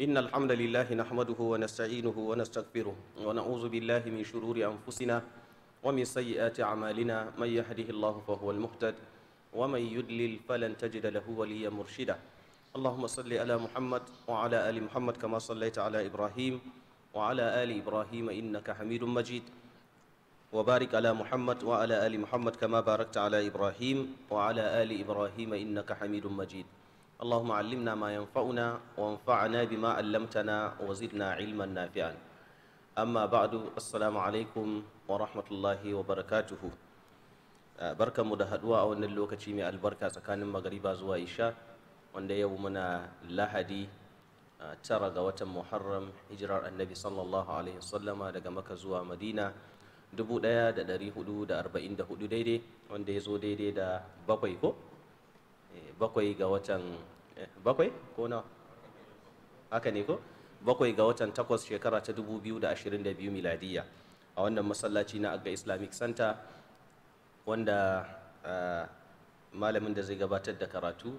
إن الحمد لله نحمده ونستعينه ونستغفره ونعوذ بالله من شرور أنفسنا ومن سيئات أعمالنا من يهده الله فهو المهتد ومن يدلل فلن تجد له وليا مرشدا اللهم صل على محمد وعلى آل محمد كما صليت على إبراهيم وعلى آل إبراهيم إنك حميد مجيد وبارك على محمد وعلى آل محمد كما باركت على إبراهيم وعلى آل إبراهيم إنك حميد مجيد اللهم علمنا ما ينفعنا وانفعنا بما علمتنا وزدنا علما نافعا أما بعد السلام عليكم ورحمة الله وبركاته barkan mu da haɗuwa a wannan lokaci mai albarka tsakanin magariba zuwa isha wanda yau muna lahadi ah, tara ga watan muharram hijirar annabi sallallahu alaihi wasallama daga maka zuwa madina hudu daidai wanda ya zo daidai da bakwai ko Eh, bakwai ga watan eh, bakwai ko nawa haka ne ko bakwai ga watan takwas shekara ta 2022 miladiya a wannan masallaci na agga islamic center wanda eh, malamin da zai gabatar da karatu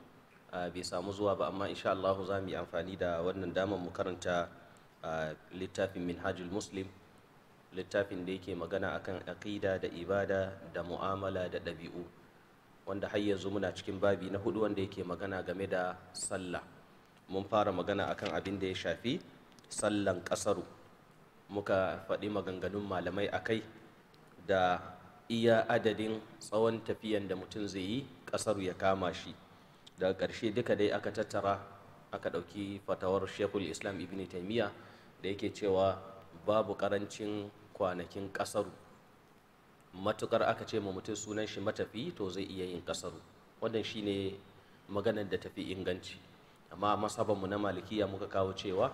bai samu zuwa ba amma insha Allah za mu yi amfani da wannan damar mu karanta littafin minhajul muslim littafin da yake magana akan aqida da ibada da mu'amala da ɗabi'u wanda har yanzu muna cikin babi na hudu wanda yake magana game da sallah mun fara magana akan abin da ya shafi sallan kasaru muka faɗi maganganun malamai a kai da iya adadin tsawon tafiyan da mutum zai yi kasaru ya kama shi daga ƙarshe duka dai aka tattara aka ɗauki fatawar shekul islam ibn taimiyya da yake cewa babu ƙarancin kwanakin kasaru matukar aka ce ma mutum sunan shi matafi to zai iya yin kasaru wannan ne maganar da tafi inganci amma masabanmu na malikiya muka kawo cewa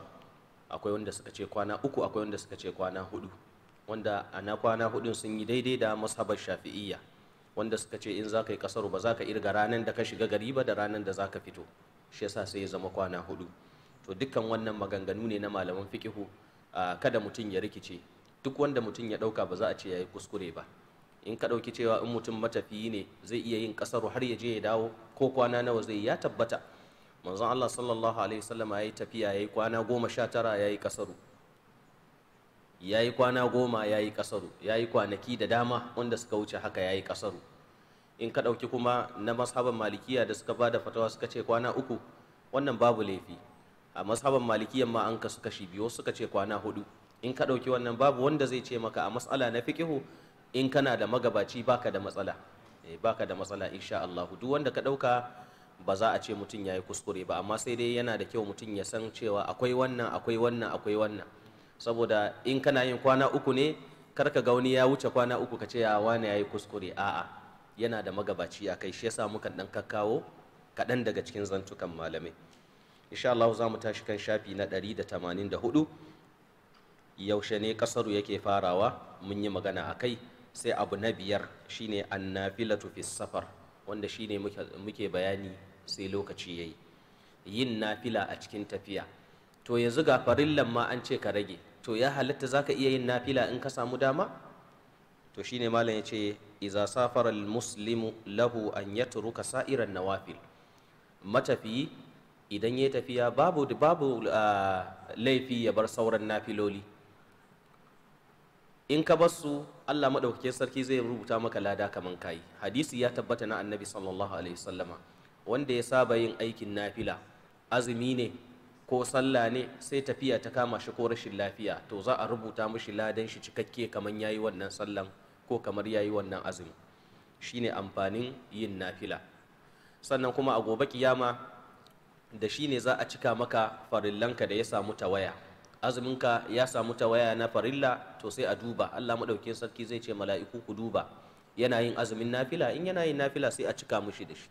akwai wanda suka ce kwana uku akwai wanda suka ce kwana hudu wanda ana kwana hudun sun yi daidai da masabar shafi'iyya wanda suka ce in za ka yi kasaru ba za ka irga ranar da ka shiga gari ba da ranar da za ka fito shi yasa sai ya zama kwana hudu to dukkan wannan maganganu ne na malaman fikihu kada mutum ya rikice duk wanda mutum ya ɗauka ba za a ce ya yi kuskure ba in ka ɗauki cewa in mutum matafiyi ne zai iya yin ƙasaru har ya je ya dawo ko kwana nawa zai ya tabbata manzon Allah sallallahu alaihi wasallam yayi tafiya yayi kwana goma sha tara yayi ƙasaru yayi kwana goma yayi ƙasaru yayi kwanaki da dama wanda suka wuce haka yayi ƙasaru in ka ɗauki kuma na mashaban malikiya da suka bada fatawa suka ce kwana uku wannan babu laifi a mashaban malikiyan ma an kasu kashi biyu suka ce kwana hudu in ka ɗauki wannan babu wanda zai ce maka a mas'ala na fiqihu in kana da magabaci baka da matsala eh, baka da matsala insha Allah duk wanda ka dauka ba za a ce mutum yayi kuskure ba amma sai dai yana da kyau mutum ya san cewa akwai wannan akwai wannan akwai wannan saboda in kana yin kwana uku ne kar ka ga wani ya wuce kwana uku ka ce ya wani yayi yi kuskure a'a yana da magabaci a kai shi yasa muka dan kakkawo kaɗan daga cikin zantukan malamai insha Allah za mu tashi kan shafi na 184 yaushe ne kasaru yake farawa mun yi magana a kai sai abu na biyar shine annafilatu fi safar wanda shine muke bayani sai lokaci yayi yin nafila a cikin tafiya to yanzu ga farillan ma an ce ka rage to ya halatta zaka iya yin nafila in ka samu dama to shine malam ya ce iza safara muslimu lahu an yatruka sa'iran nawafil Matafi, idan ya tafiya babu babu ah, laifi ya bar sauran nafiloli in ka bar su Allah madaukakin sarki zai rubuta maka lada kaman kai hadisi ya tabbata na annabi sallallahu alaihi wasallama wanda ya saba yin aikin nafila azumi ne ko sallah ne sai tafiya ta kama shi ko rashin lafiya to za a rubuta mishi ladan shi cikakke kaman yayi wannan sallan ko kamar yayi wannan azumi shine amfanin yin nafila sannan kuma a gobe kiyama da shine za a cika maka farillanka da ya samu ta waya. azuminka ya samu ta waya na farilla to sai a duba Allah madaukakin sarki zai ce mala'iku ku duba yana yin azumin nafila in yana yin nafila sai a cika mushi da shi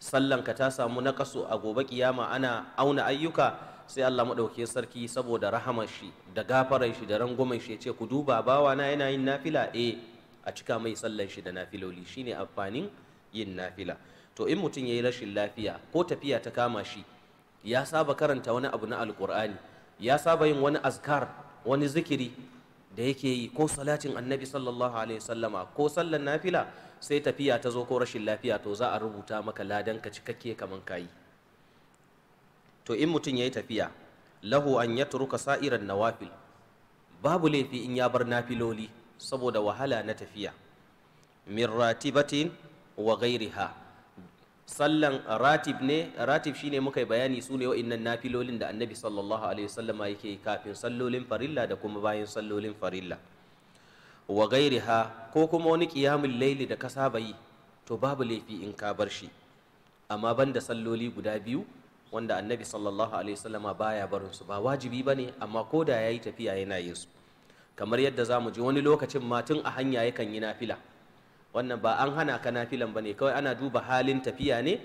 sallanka ta samu nakasu a gobe kiyama ana auna ayyuka sai Allah madaukakin sarki saboda rahamar shi da gafarar shi da rangwamen shi ya ce ku duba bawa na yana yin nafila eh a cika mai sallan shi da nafiloli shine amfanin yin nafila to in mutum yayi rashin lafiya ko tafiya ta kama shi ya saba karanta wani abu na alkur'ani ya saba yin wani azkar wani zikiri da yake yi ko salatin annabi sallallahu alaihi sallama ko sallan nafila sai tafiya ta zo ko rashin lafiya to za a rubuta maka ladan ka cikakke kaman kayi to in mutum ya yi tafiya lahu an ya turuka sa'iran nawafil babu laifi in ya bar nafiloli saboda wahala na tafiya min ratibatin wa gairiha sallan ratib ne ratib shine muka bayani su ne wa'innan nafilolin da annabi sallallahu alaihi wasallama yake kafin sallolin farilla da kuma bayan sallolin farilla wa gairiha ko kuma wani qiyamul laili da ka saba yi to babu laifi in ka bar shi amma banda salloli guda biyu wanda annabi sallallahu alaihi wasallama baya barin su ba wajibi bane amma ko da yayi tafiya yana yin su kamar yadda zamu ji wani lokacin matun a hanya yakan yi nafila wannan ba an hana ka nafilan ba ne kawai ana duba halin tafiya ne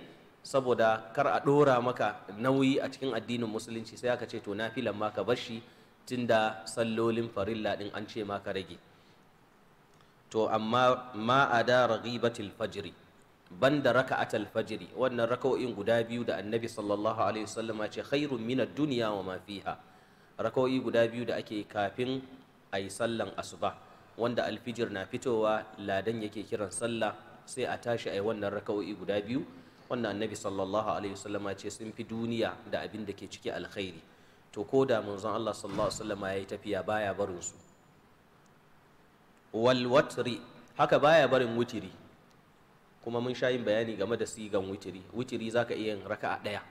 saboda kar a ɗora maka nauyi a cikin addinin musulunci sai aka ce to nafilan ma ka bar shi da sallolin farilla ɗin an ce ma ka rage to amma ma a da ban da banda raka'atal fajri wannan raka'o'in guda biyu da annabi sallallahu alaihi wasallam ce khairun minad dunya wa ma fiha raka'o'i guda biyu da ake kafin yi sallan asuba wanda alfijir na fitowa ladan yake kiran sallah sai a tashi a yi wannan raka'o'i guda biyu wannan annabi sallallahu alaihi wasallama ce sun fi duniya da abin da ke ciki alkhairi to ko da manzon Allah sallallahu alaihi wasallama yayi tafiya baya barin su wal watri haka baya barin wutiri kuma mun sha yin bayani game da sigan wutiri wutiri zaka iya yin raka'a daya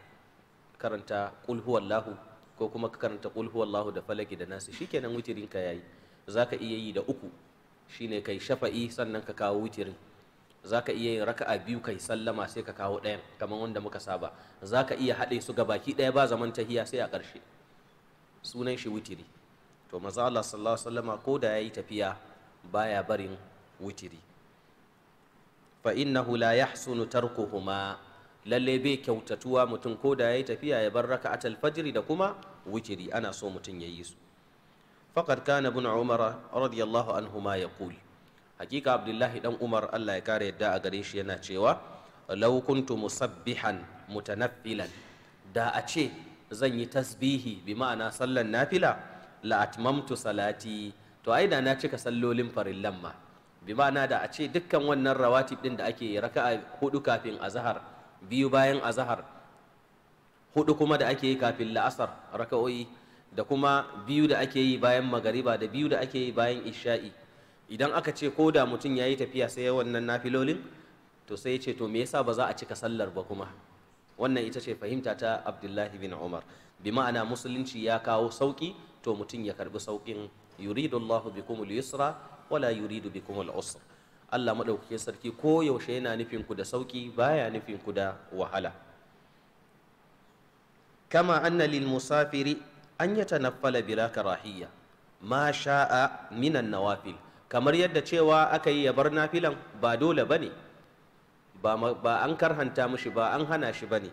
karanta qul huwallahu ko kuma ka karanta qul huwallahu da falaki da nasi shikenan wutirin ka yayi za ka iya yi da uku shine kai shafa'i sannan ka kawo witiri za ka iya yin raka'a biyu kai sallama sai ka kawo ɗayan kamar wanda muka saba za ka iya haɗe su ga baki ɗaya ba zaman tahiya sai a ƙarshe sunan shi witiri to maza Allah sallallahu alaihi wasallama ko da yayi tafiya baya barin witiri fa innahu la yahsunu tarkuhuma lalle bai kyautatuwa mutum ko da yayi tafiya ya bar raka'atul fajr da kuma witiri ana so mutum yayi su faqad kana ibn umara radiyallahu anhuma yaqul hakika abdullahi dan umar Allah ya kare yadda a gare shi yana cewa law kuntu musabbihan mutanaffilan da a ce zan yi tasbihi bi ma'ana sallan nafila la atmamtu salati to ai da na cika sallolin farin ma bi da a ce dukkan wannan rawatib ɗin da ake raka'a hudu kafin azhar biyu bayan azhar hudu kuma da ake yi kafin la'asar raka'o'i da kuma biyu da ake yi bayan magariba da biyu da ake yi bayan isha'i idan aka ce ko da mutum ya yi tafiya sai wannan nafilolin to sai ya ce to me yasa ba za a cika sallar ba kuma wannan ita ce fahimta ta abdullahi bin umar bi ma'ana musulunci ya kawo sauki to mutum ya karbi saukin yuridu allahu bikumul yusra wala yuridu bikumul usra allah madaukakin sarki ko yaushe yana nufin ku da sauki baya nufin ku da wahala kama anna musafiri an ya tanaffala bila karahiyya ma sha'a minan nawafil kamar yadda cewa aka yi ya bar nafilan ba dole bane ba ba an karhanta mushi ba an hana shi bane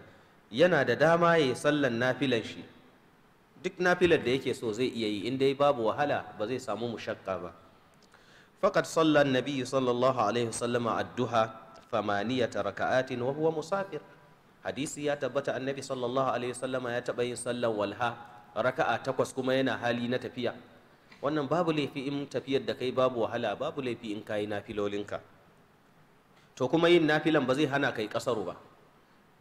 yana da dama ya sallan nafilan shi duk nafilar da yake so zai iya yi in dai babu wahala ba zai samu mushakka ba faqad sallan an-nabi sallallahu alaihi wasallama Adduha, duha raka'atin wa huwa musafir hadisi ya tabbata annabi sallallahu alaihi wasallama ya taba yin sallan walha raka'a takwas kuma yana hali na tafiya wannan babu laifi in tafiyar da kai babu wahala babu laifi in kayi nafilolinka to kuma yin nafilan ba zai hana kai kasaru ba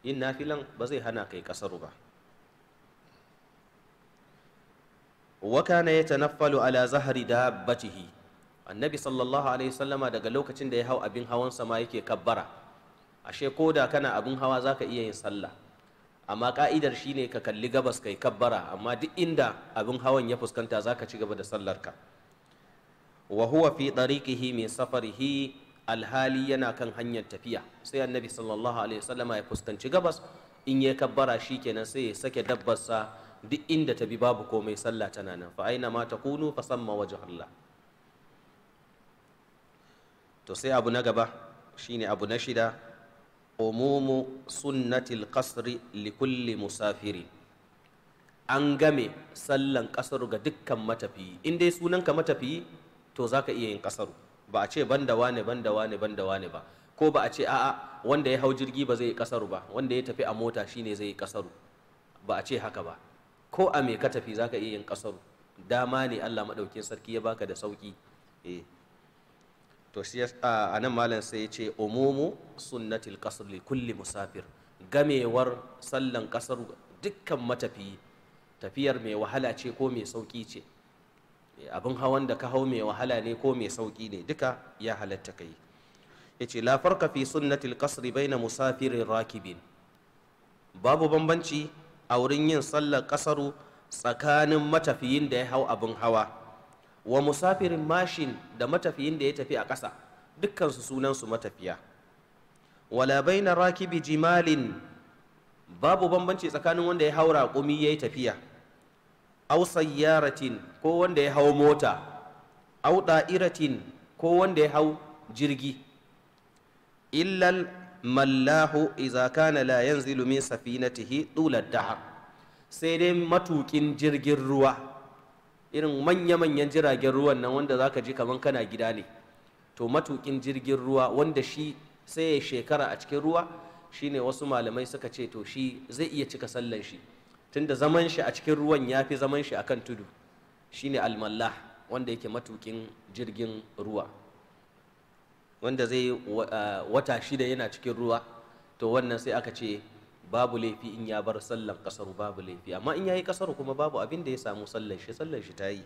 yin nafilan ba zai hana kai kasaru ba wa kana yatanaffalu ala zahri dabbatihi annabi sallallahu alaihi sallama daga lokacin da ya hau abin hawansa ma yake kabbara ashe koda kana abin hawa zaka iya yin sallah amma ka'idar shine ka kalli gabas kai kabbara amma duk inda abin hawan ya fuskanta zaka ci gaba da sallarka wa huwa fi tariqihi min safarihi alhali yana kan hanyar tafiya sai annabi sallallahu alaihi wasallama ya fuskanci gabas in ya kabbara shikenan sai ya sake dabbarsa duk inda ta bi babu komai sallah tana nan fa aina ma takunu fa samma wajh Allah to sai abu na gaba shine abu na shida umumu sunnatil kasri likulli musafiri an game sallan kasar ga dukkan matafiyi in dai sunanka matafiyi to za ka iya yin kasaru ba a ce banda wane banda wane banda wane ba ko ba a ce a'a wanda ya hau jirgi ba zai yi kasaru ba wanda ya tafi a mota shine zai yi kasaru ba a ce haka ba ko a mai katafi za ka iya yin kasaru dama ne Allah maɗaukin sarki ya baka da sauki eh to shi a nan malam sai ya ce umumu sunnatil kasar kulli musafir gamewar sallan kasar dukkan matafiyi tafiyar mai wahala ce ko mai sauki ce abin hawan da ka hau mai wahala ne ko mai sauki ne duka ya halatta kai yace la farka fi sunnatil bai baina musafirin rakibin babu bambanci a wurin yin sallar kasaru tsakanin matafiyin da ya hau abin hawa wa musafirin mashin da matafiyin da ya tafi a ƙasa dukkansu sunansu matafiya wala baina rakibi jimalin babu bambanci tsakanin wanda ya haura kumi ya yi tafiya aw sayyaratin ko wanda ya hau mota aw da'iratin ko wanda ya hau jirgi illal mallahu idza kana la yanzilu min safinatihi tulad dahar sai dai matukin jirgin ruwa irin manya-manyan jiragen ruwan nan wanda zaka ji kaman kana gida ne to matukin jirgin ruwa wanda shi sai shekara a cikin ruwa shine wasu malamai suka ce to shi zai iya cika sallan shi tunda zaman shi a cikin ruwan ya fi zaman shi akan tudu shine almallah wanda yake matukin jirgin ruwa wanda zai ah, wata shida yana cikin ruwa to wannan sai aka ce babu laifi in ya bar sallan kasaru babu laifi amma in ya yi kasaru kuma babu abin da ya samu sallan shi sallan shi ta yi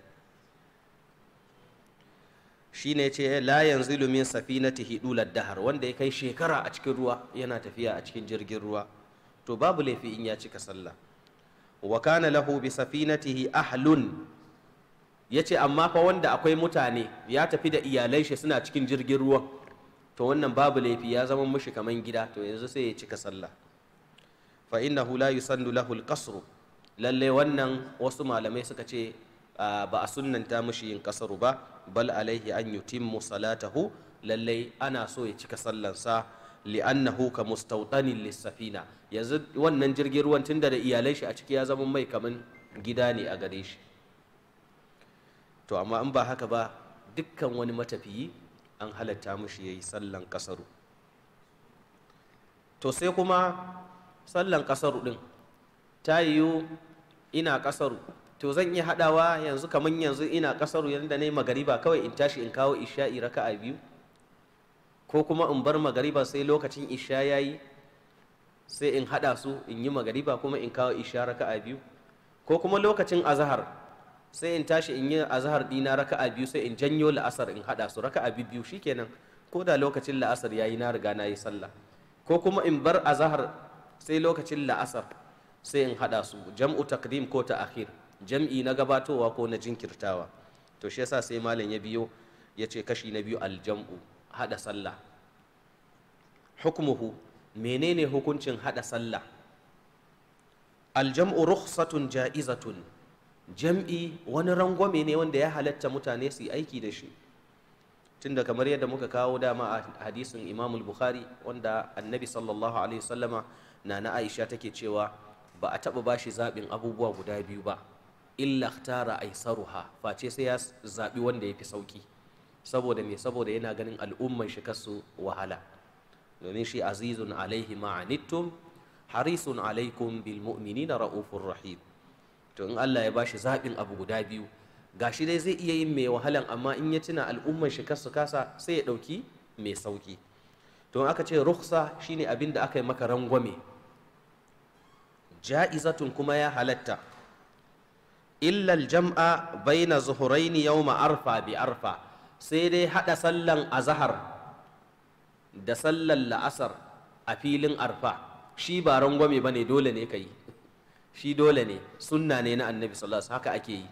shi ne ce la yanzu lumin safinatihi dular dahar wanda ya kai shekara a cikin ruwa yana tafiya a cikin jirgin ruwa to babu laifi in ya cika sallah wa kana lahu bi safinatihi ahlun yace amma fa wanda akwai mutane ya tafi da iyalai shi suna cikin jirgin ruwa to wannan babu laifi ya zama mushi kaman gida to yanzu sai ya cika sallah fa innahu hula yi lahu al-qasru lalle wannan wasu malamai suka ce ba a sunanta mushi yin kasaru ba bal alaihi an yutimmu salatahu lalle ana so ya cika sallansa li'annahu ka mustautanin lissafina yanzu wannan jirgin ruwan tunda da iyalai shi a ciki ya zama mai kaman gida ne a gare shi to amma in ba haka ba dukkan wani matafiyi an halatta mushi yi sallan kasaru to sai kuma sallan kasaru din ta yiwu ina kasaru to zan iya haɗawa yanzu kamar yanzu ina kasaru yadda na yi magariba kawai in tashi in kawo isha'i raka'a biyu ko kuma in bar magariba sai lokacin isha ya yi sai in haɗa su in yi magariba kuma in kawo isha raka'a biyu ko kuma lokacin azahar sai in tashi in yi azahar dina raka'a biyu sai in janyo la'asar in haɗa su raka'a biyu shikenan ko da lokacin la'asar ya yi na riga na yi sallah ko kuma in bar azahar sai lokacin la'asar sai in haɗa su jam'u takdim ko ta ta'akhir jam'i na gabatowa ko na jinkirtawa to shi yasa sai malam ya biyo ya ce kashi na biyu aljam'u haɗa sallah hukmuhu menene hukuncin haɗa sallah aljam'u rukhsatun ja'izatun jam'i wani rangwame ne wanda ya halatta mutane su aiki da shi tunda kamar yadda muka kawo dama a hadisin imamul bukhari wanda annabi sallallahu alaihi wasallama nana aisha take cewa ba a taɓa bashi zaɓin abubuwa guda biyu ba illa tara a saruha face sai ya zaɓi wanda ya fi sauƙi saboda me saboda yana ganin al'umman shi kasu wahala domin shi azizun alaihi ma'anittum harisun alaikum bil na raufun rahim to in Allah ya bashi zaɓin abu guda biyu gashi dai zai iya yin mai wahalan amma in ya tuna al'umman shi kasu kasa sai ya ɗauki mai sauki to aka ce Ruksa shine abin da aka yi maka rangwame ja'izatun kuma ya halatta illal jam'a baina zuhuraini yawma arfa bi arfa sai dai hada sallan azhar da sallan la'asar a filin arfa shi ba rangwame bane dole ne kai shi dole ne sunna ne na annabi sallallahu alaihi haka ake yi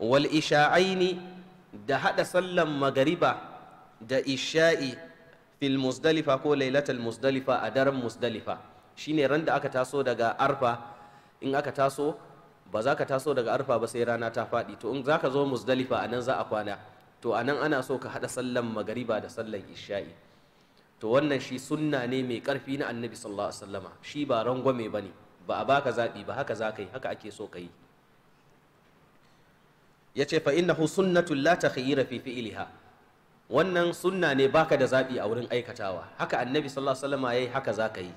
wal isha'aini da hada sallan magariba da isha'i fil muzdalifa ko lailatul muzdalifa a daren muzdalifa shine ran da aka taso daga arfa in aka taso ba za ka taso daga arfa ba sai rana ta faɗi to in za ka zo musdalifa a nan za a kwana to a nan ana so ka haɗa sallan magariba da sallan isha'i to wannan shi sunna ne mai ƙarfi na annabi sallallahu alaihi wasallama shi ba rangwame ba ne ba a baka zaɓi ba haka za ka yi haka ake so ka yi ya ce fa'innahu sunnatun la ta khiyira fi fi'liha wannan sunna ne baka da zaɓi a wurin aikatawa haka annabi sallallahu alaihi wasallama yayi haka za ka yi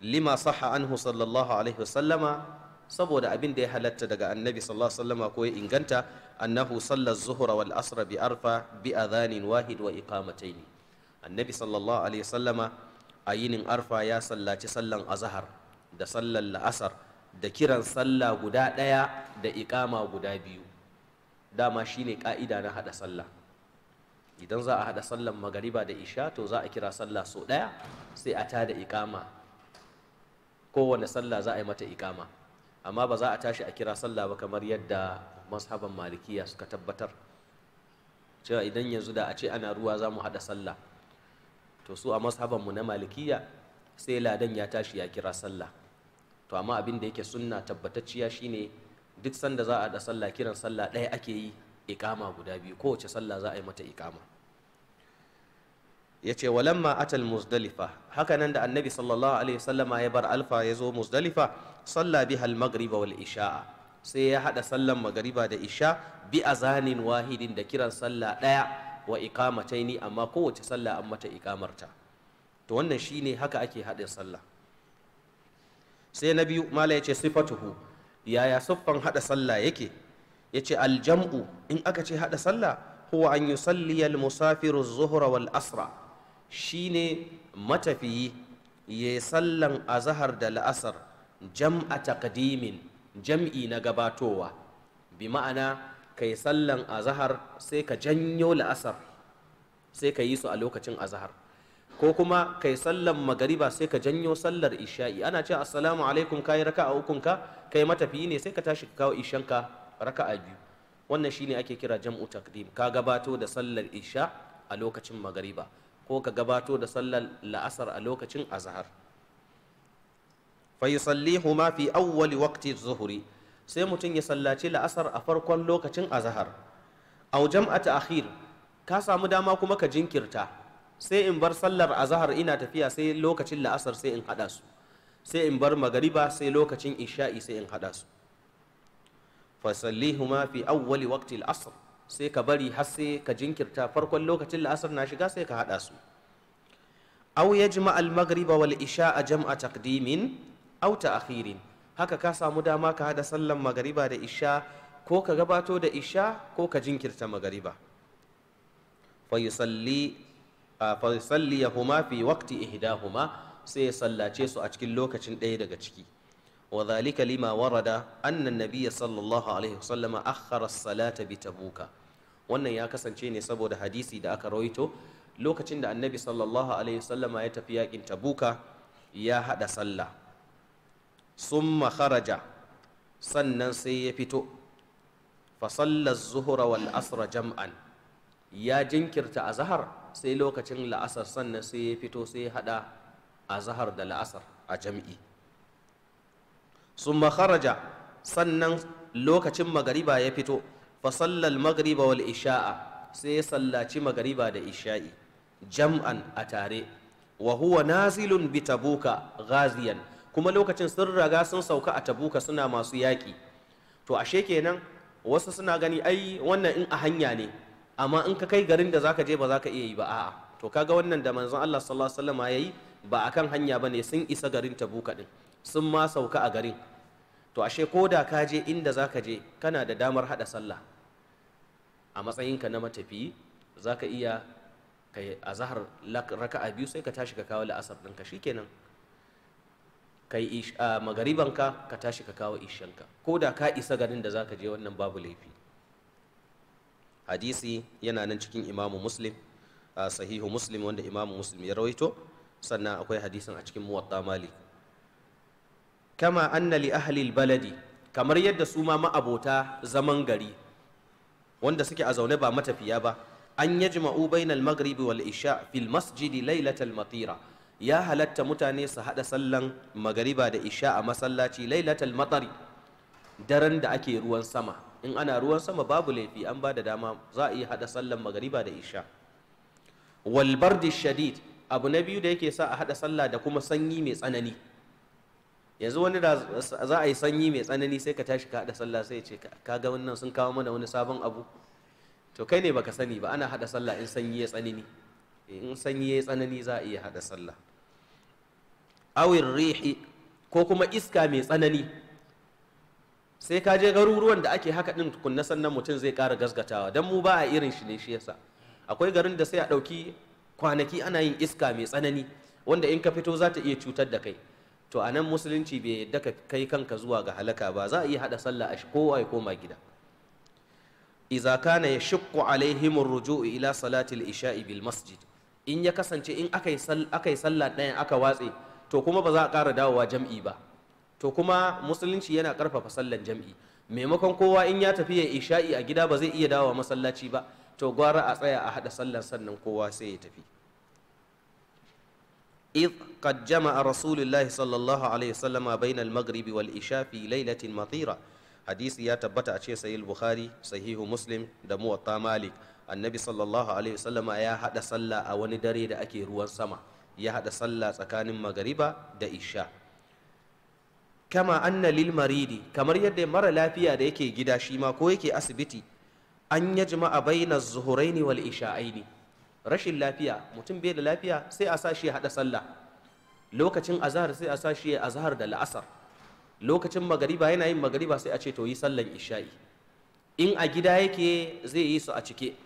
lima saha anhu sallallahu alaihi wasallama saboda abin da ya halatta daga annabi sallallahu alaihi wasallama ko ya inganta annahu salla zuhra wal asra bi arfa bi adhanin wahid wa iqamatayn annabi sallallahu alaihi wasallama a yinin arfa ya sallaci sallan azhar da sallan la'asar da kiran sallah guda ɗaya da iqama guda biyu dama shine ka'ida na hada sallah idan za a hada sallan magariba da isha to za a kira sallah so ɗaya sai a tada iqama kowane sallah za a yi mata ikama amma ba za a tashi a kira sallah ba kamar yadda mashaban malikiya suka tabbatar cewa idan yanzu da a ce ana ruwa za mu haɗa sallah to su a mashaban mu na malikiya sai ladan ya tashi ya kira sallah to amma abin da yake sunna tabbatacciya shine duk sanda za a haɗa sallah kiran sallah ɗaya ake yi ikama guda biyu kowace sallah za a yi mata ikama ya ce walamma atal muzdalifa hakanan da annabi sallallahu alaihi wasallama ya bar alfa ya zo muzdalifa salla biha al maghriba wal isha'a sai ya hada sallan magariba da isha bi azanin wahidin da kiran sallah daya wa iqamataini amma kowace sallah an mata iqamarta to wannan shine haka ake hadin sallah sai na biyu mala ya ce sifatuhu yaya siffan hada sallah yake ya ce aljam'u in aka ce hada sallah huwa an yusalli al musafiru zuhra wal asra shine matafiyi ya sallan azahar da la'asar jam'a taqdimin jam'i na gabatowa bi ma'ana ka sallan azahar sai ka janyo la'asar sai ka yi su a lokacin azahar ko kuma kai yi sallan magariba sai ka janyo sallar isha'i ana ce assalamu alaikum ka yi raka a hukunka ka matafiyi ne sai ka tashi ka kawo ishanka raka raka'a biyu wannan shine ake kira jam'u takdim ka gabato da sallar isha a lokacin magariba ko ka gabato da sallar la'asar a lokacin azhar fa yusallihuma fi awwali waqti zuhuri sai mutum ya sallaci la'asar a farkon lokacin azhar aw jam'ata akhir ka samu dama kuma ka jinkirta sai in bar sallar azhar ina tafiya sai lokacin la'asar sai in hada su sai in bar magariba sai lokacin isha'i sai in hada su fasallihuma fi awwali waqti al-asr sai ka bari har sai ka jinkirta farkon lokacin la'asar na shiga sai ka haɗa su aw yajma al maghriba wal isha a jam'a taqdimin ta ta'khirin haka ka samu dama ka haɗa sallan magariba da isha ko ka gabato da isha ko ka jinkirta magariba fa yusalli fa yusalliyahuma fi waqti ihdahuma sai ya sallace su a cikin lokacin ɗaya daga ciki wa zalika lima warada anna nabiyya sallallahu alaihi wasallama akhara as-salata bi wannan ya kasance ne saboda hadisi da aka rawaito lokacin da annabi sallallahu alaihi wasallama ya tafi yakin tabuka ya hada sallah summa kharaja sannan sai ya fito fa sallar zuhura wal asra jam'an ya jinkirta azhar sai lokacin la'asar sannan sai ya fito sai ya hada azhar da la'asar a jam'i summa kharaja sannan lokacin magariba ya fito fasallal magriba wal isha'a sai ya sallaci magariba da isha'i jam'an a tare wa huwa nazilun bi tabuka ghaziyan kuma lokacin sun raga sun sauka a tabuka suna masu yaki. to ashe kenan wasu suna gani ai wannan in a hanya ne amma in ka kai garin da zaka je ba ka iya yi ba a'a to kaga wannan da manzon Allah sallallahu alaihi wasallam yayi ba akan hanya ba ne sun isa garin tabuka din sun ma sauka a garin to ashe ko da ka je inda zaka je kana da damar hada sallah a matsayinka na matafiyi za ka iya a zahar a biyu sai ka tashi ka kawo la'asar ɗinka shikenan kai magaribanka ka tashi ka kawo ishanka ko da ka isa garin da za ka je wannan babu laifi hadisi yana nan cikin imamu muslim sahihu muslim wanda imamu muslim ya rawaito sannan akwai hadisin a cikin muwatta mali kama anna li ahli baladi kamar yadda su ma ma'abota zaman gari wanda suke a zaune ba matafiya ba an yajma'u bainal magaribi wal isha fil masjidi lailatal matira ya halatta mutane su hada sallan magariba da isha a masallaci lailatal matari daren da ake ruwan sama in ana ruwan sama babu laifi an ba da dama za a iya hada sallan magariba da isha wal bardi shadid abu na biyu da yake sa a hada sallah da kuma sanyi mai tsanani yanzu wani da za a yi sanyi mai tsanani sai ka tashi ka haɗa sallah sai ce ka ga wannan sun kawo mana wani sabon abu to kai ne baka sani ba ana haɗa sallah in sanyi ya tsanani eh, in sanyi ya tsanani za a iya haɗa sallah awir rihi ko kuma iska mai tsanani sai ka je garuruwan da ake haka ɗin tukunna sannan mutum zai ƙara gasgatawa don mu ba a irin shi ne shi yasa akwai garin da sai a ɗauki kwanaki ana yin iska mai tsanani wanda in ka fito za ta iya cutar da kai to a nan musulunci bai yadda ka kai kanka zuwa ga halaka ba za a iya haɗa sallah a kowa ya koma gida iza kana ya shukku alaihim ruju'u ila salatil isha'i bil masjid in ya kasance in aka yi sallah ɗayan aka watse to kuma ba za a ƙara dawowa jam'i ba to kuma musulunci yana ƙarfafa sallan jam'i maimakon kowa in ya tafi ya isha'i a gida ba zai iya dawowa masallaci ba to gwara a tsaya a haɗa sallan sannan kowa sai ya tafi إذ قد جمع رسول الله صلى الله عليه وسلم بين المغرب والإشاء في ليلة مطيرة حديث يا تبتا أشي سي البخاري صحيح مسلم دمو مالك النبي صلى الله عليه وسلم يا حدا صلى أوني دري دا أكي روان سما يا حدا صلى سكان مغربا دا إشاء كما أن للمريد كما يد مر لا فيا دا يكي جدا شيما كو يكي أسبتي أن يجمع بين الظهرين والإشاءين rashin lafiya mutum bai da lafiya sai a sashi ya haɗa sallah lokacin azahar sai a sashi ya azahar da la'asar lokacin magariba yana yin magariba sai a ce to yi sallan isha'i in a gida yake zai yi su a cike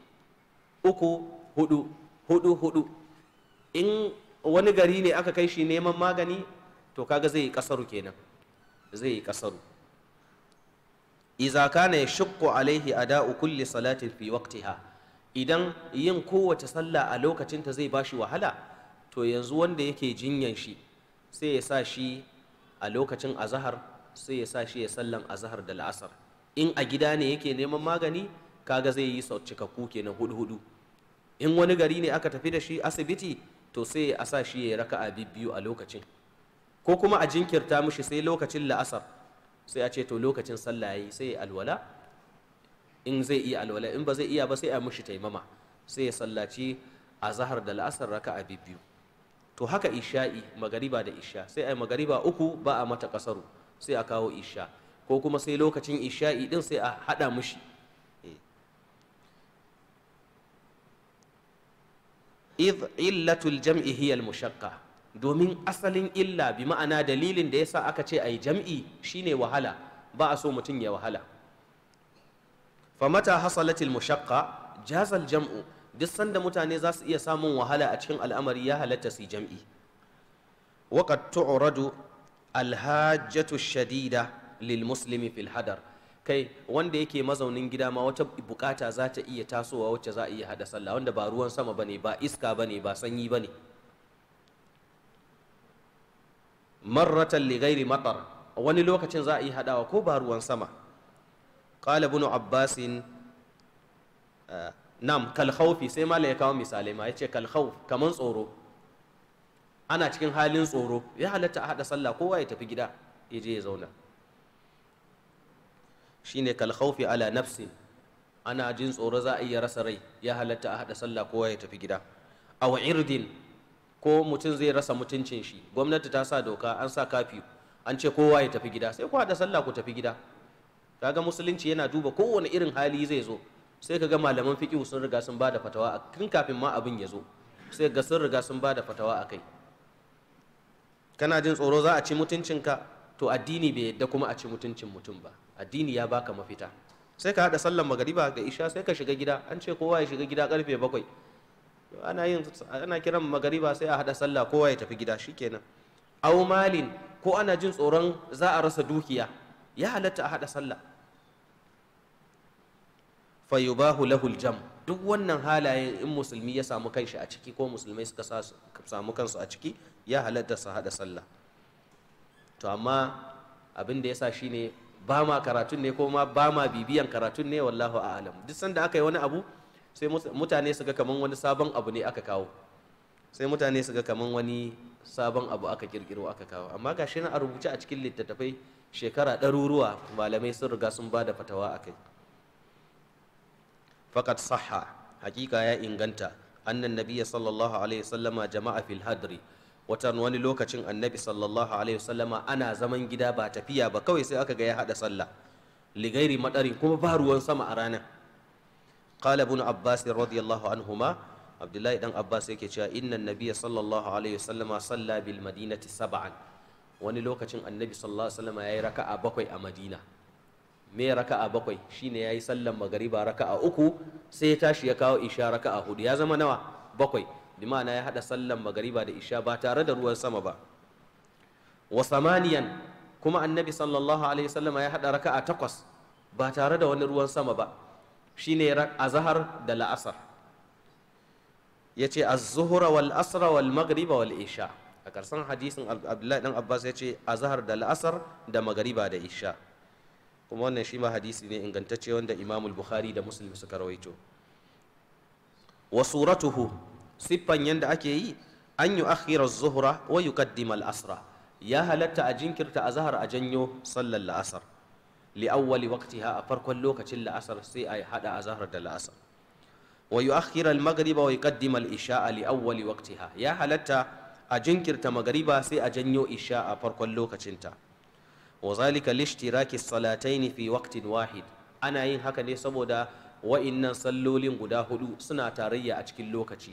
uku hudu hudu hudu in wani gari ne aka kai shi neman magani to kaga zai yi kasaru kenan zai yi kasaru iza kana yashqu alaihi ada'u kulli salatin fi waqtiha idan yin kowace sallah a lokacinta zai ba shi wahala to yanzu wanda yake jinyan shi sai ya sa shi a lokacin azahar sai ya sa shi ya sallan azahar da la'asar in a gida ne yake neman magani kaga zai yi sau cikakku kenan hudu hudu in wani gari ne aka tafi da shi asibiti to sai a sa shi ya raka'a biyu a lokacin ko kuma a jinkirta mishi sai lokacin la'asar sai a ce to lokacin sallah yi sai alwala in zai iya alwala in ba zai iya ba sai a mushi taimama sai ya sallaci a zahar da la'asar raka a biyu to haka isha'i magariba da isha sai a magariba uku ba a mata kasaru sai a kawo isha ko kuma sai lokacin isha'i din sai a haɗa mushi eh. id illatul jam'i hiyal mushaqqa domin asalin illa bi ma'ana dalilin da yasa aka ce ai jam'i shine wahala ba a so mutum ya wahala famata hasalatil mushaqqa jazal jam'u duk sanda mutane za su iya samun wahala a cikin al'amari ya halatta su jam'i waqad tu'radu alhajjatu shadida lil muslimi fil hadar kai wanda yake mazaunin gida ma wata bukata za ta iya tasowa wacce za a iya hada sallah wanda ba ruwan sama bane ba iska bane ba sanyi bane marratan li ghairi matar wani lokacin za a iya hadawa ko ba ruwan sama qala ibn abbasin ah, nam kal sai malam ya kawo misalai ma ya ce khawf kaman tsoro ana cikin halin tsoro ya halatta a haɗa sallah kowa ya tafi gida ya je ya zauna shine kal ala nafsin ana jin tsoro za a iya rasa rai ya halatta a hada sallah kowa ya tafi gida aw irdin ko mutum zai rasa mutuncin shi gwamnati ta sa doka an sa kafi an ce kowa ya tafi gida sai ku haɗa sallah ku tafi gida kaga musulunci yana duba kowane irin hali zai zo sai kaga malaman fiqh sun riga sun bada fatawa a kan kafin ma abin ya zo sai ga sun riga sun bada fatawa a kai kana jin tsoro za a ci mutuncinka to addini bai yadda kuma a ci mutuncin mutum ba addini ya baka mafita sai ka haɗa sallan magariba ga isha sai ka shiga gida an ce kowa ya shiga gida karfe bakwai ana yin ana kiran magariba sai a haɗa sallah kowa ya tafi gida shikenan au malin ko ana jin tsoron za a rasa dukiya ya halatta a haɗa sallah fa lahul jam duk wannan halayen in musulmi ya samu kanshi a ciki ko musulmai suka samu kansu a ciki ya halatta su hada sallah to amma abin da yasa shine ba ma karatun ne ko ma ba ma bibiyan karatun ne wallahu a'lam duk sanda aka yi wani abu sai mutane su ga kaman wani sabon abu ne aka kawo sai mutane su ga kaman wani sabon abu aka kirkiro aka kawo amma ga shi na a rubuce a cikin littattafai shekara ɗaruruwa malamai sun riga sun ba da fatawa a kai Fakat saha hakika ya inganta annan nabiyya sallallahu alaihi wasallama jama'a fil hadri watan wani lokacin annabi sallallahu alaihi wasallama ana zaman gida ba tafiya ba kawai sai aka ga ya hada sallah ligairi madarin kuma ba ruwan sama a ranar qala ibn abbas radiyallahu anhuma abdullahi dan abbas yake cewa innan nabiyya sallallahu alaihi wasallama salla bil madinati sab'an wani lokacin annabi sallallahu alaihi wasallama yayi raka'a bakwai a madina me raka'a bakwai shine ya yi sallan magariba raka'a uku sai ya tashi ya kawo isha raka'a hudu ya zama nawa bakwai bi ma'ana ya hada sallan magariba da isha ba tare da ruwan sama ba wa samaniyan kuma annabi sallallahu alaihi wasallama ya hada raka'a takwas ba tare da wani ruwan sama ba shine azhar da la'asar yace az-zuhra wal asra wal maghriba wal isha a karsan hadisin abdullahi dan abbas ya ce azhar da la'asar da magariba da isha kuma wannan shi ma hadisi ne ingantacce wanda imamul bukhari da muslim suka rawaito wa suratuhu siffan yanda ake yi an yi zuhra wa yuqaddima asra ya halatta a jinkirta a zahar a janyo sallar la'asar li awwali waqtiha a farkon lokacin la'asar sai a hada a zahar da la'asar wa yuakhira al-maghriba wa yuqaddima al-isha'a li awwali waqtiha ya halatta a jinkirta magariba sai a janyo isha a farkon lokacinta Mozalika zalika lishtiraki salataini fi waqtin wahid ana yin haka ne saboda wa'innan sallolin guda hudu suna tarayya a cikin lokaci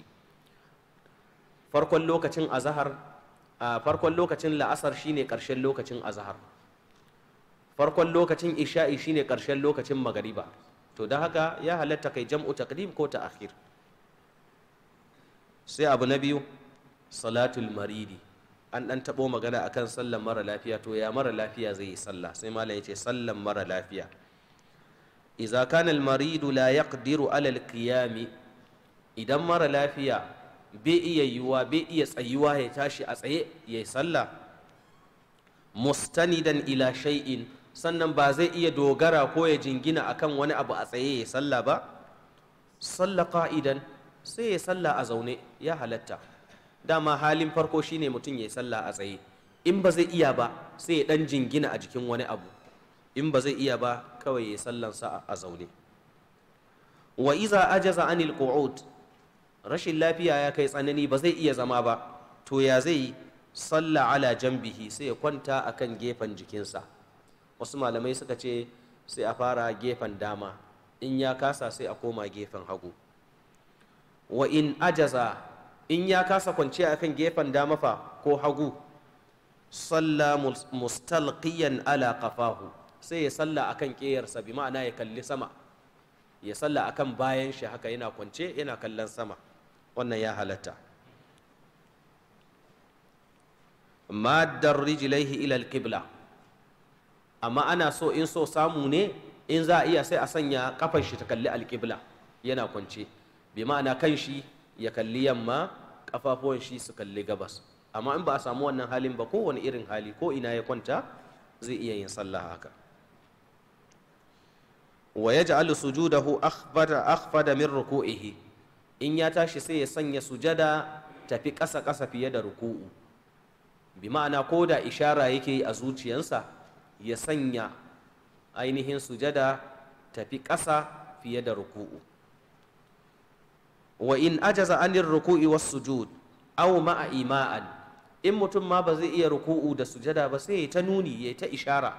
farkon lokacin azhar farkon lokacin la'asar shine karshen lokacin azhar farkon lokacin isha'i shine karshen lokacin magariba to dan haka ya halatta kai jam'u taqdim ko ta'khir sai abu na biyu salatul maridi an dan tabo magana akan sallan mara lafiya to ya mara lafiya zai yi sallah sai malam ya ce sallan mara lafiya idza kana al-maridu la yaqdiru ala al-qiyam idan mara lafiya bai iya yiwa bai iya tsayuwa ya tashi a tsaye ya yi sallah mustanidan ila shay'in sannan ba zai iya dogara ko ya jingina akan wani abu a tsaye ya sallah ba salla qa'idan sai ya sallah a zaune ya halatta dama halin farko shine mutum ya yi sallah a tsaye in ba zai iya ba sai ya dan jingina a jikin wani abu in ba zai iya ba kawai ya yi sallansa a zaune wa iza ajaza anil qu'ud rashin lafiya ya kai tsanani ba zai iya zama ba to ya zai yi sallah ala jambihi sai ya kwanta akan gefen jikinsa wasu malamai suka ce sai a fara gefen dama in ya kasa sai a koma gefen hagu wa in ajaza in ya kasa kwanciya akan gefen dama fa ko hagu salla mustalqiyan ala qafahu sai ya salla akan kiyarsa bi ma'ana ya kalli sama ya salla akan bayan shi haka yana kwance yana kallon sama wannan ya halatta maddar rijlaihi ila alqibla amma ana so in so samu ne in za a iya sai a sanya kafan shi ta kalli alqibla yana kwance bi ma'ana kan shi ya kalli yamma kafafuwan shi su kalli gabas amma in ba a samu wannan halin ba kowane irin hali ko ina ya kwanta zai iya yin sallah haka wa yaj'alu sujudahu akhfada akhfada min ruku'ihi in ya tashi sai ya sanya sujada tafi ƙasa ƙasa fiye da ruku'u bi ma'ana ko da ishara yake a zuciyansa ya sanya ainihin sujada tafi ƙasa fiye da ruku'u wa in ajaza anir ruku'i was sujud aw ma'a ima'an in mutum ma ba zai iya ruku'u da sujada ba sai ya ta nuni ya ta ishara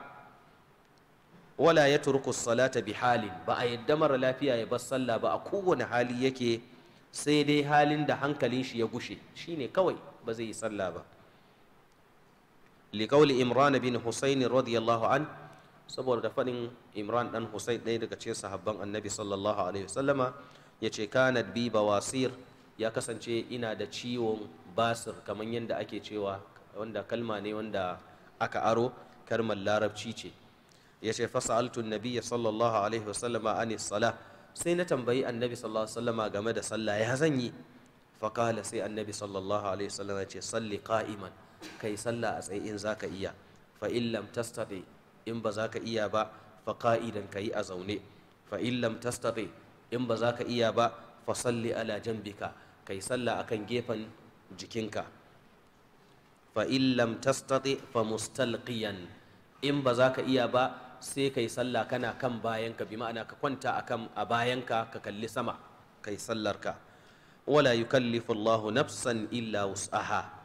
wala ya turku salata bi halin ba a yadda mara lafiya ya bar sallah ba a kowane hali yake sai dai halin da hankalin shi ya gushe shine kawai ba zai yi sallah ba liƙauli imran bin husaini radiyallahu an saboda faɗin imran dan husain ɗaya daga cikin sahabban annabi sallallahu alaihi wasallama ya ce kanat bi bawasir ya kasance ina da ciwon basir kamar yadda ake cewa wanda kalma ne wanda aka aro karmar larabci ce ya ce fasa'altu nabiyya sallallahu alaihi wasallama ani sala sai na tambayi annabi sallallahu alaihi wasallama game da sallah ya zan yi fakala sai annabi sallallahu alaihi wasallam ya ce salli qa'iman kai sallah a tsaye in zaka iya fa in lam tastati in ba zaka iya ba fa qa'idan kai a zaune fa in lam tastati in ba za ka iya ba fasalli ala jambika kai sallah akan gefen jikinka fa illam tastati fa mustalqiyan in ba za ka iya ba sai kai sallah kana kan bayanka bi ma'ana ka kwanta akan a bayanka ka kalli sama kai sallarka wala yukallifu Allahu nafsan illa wus'aha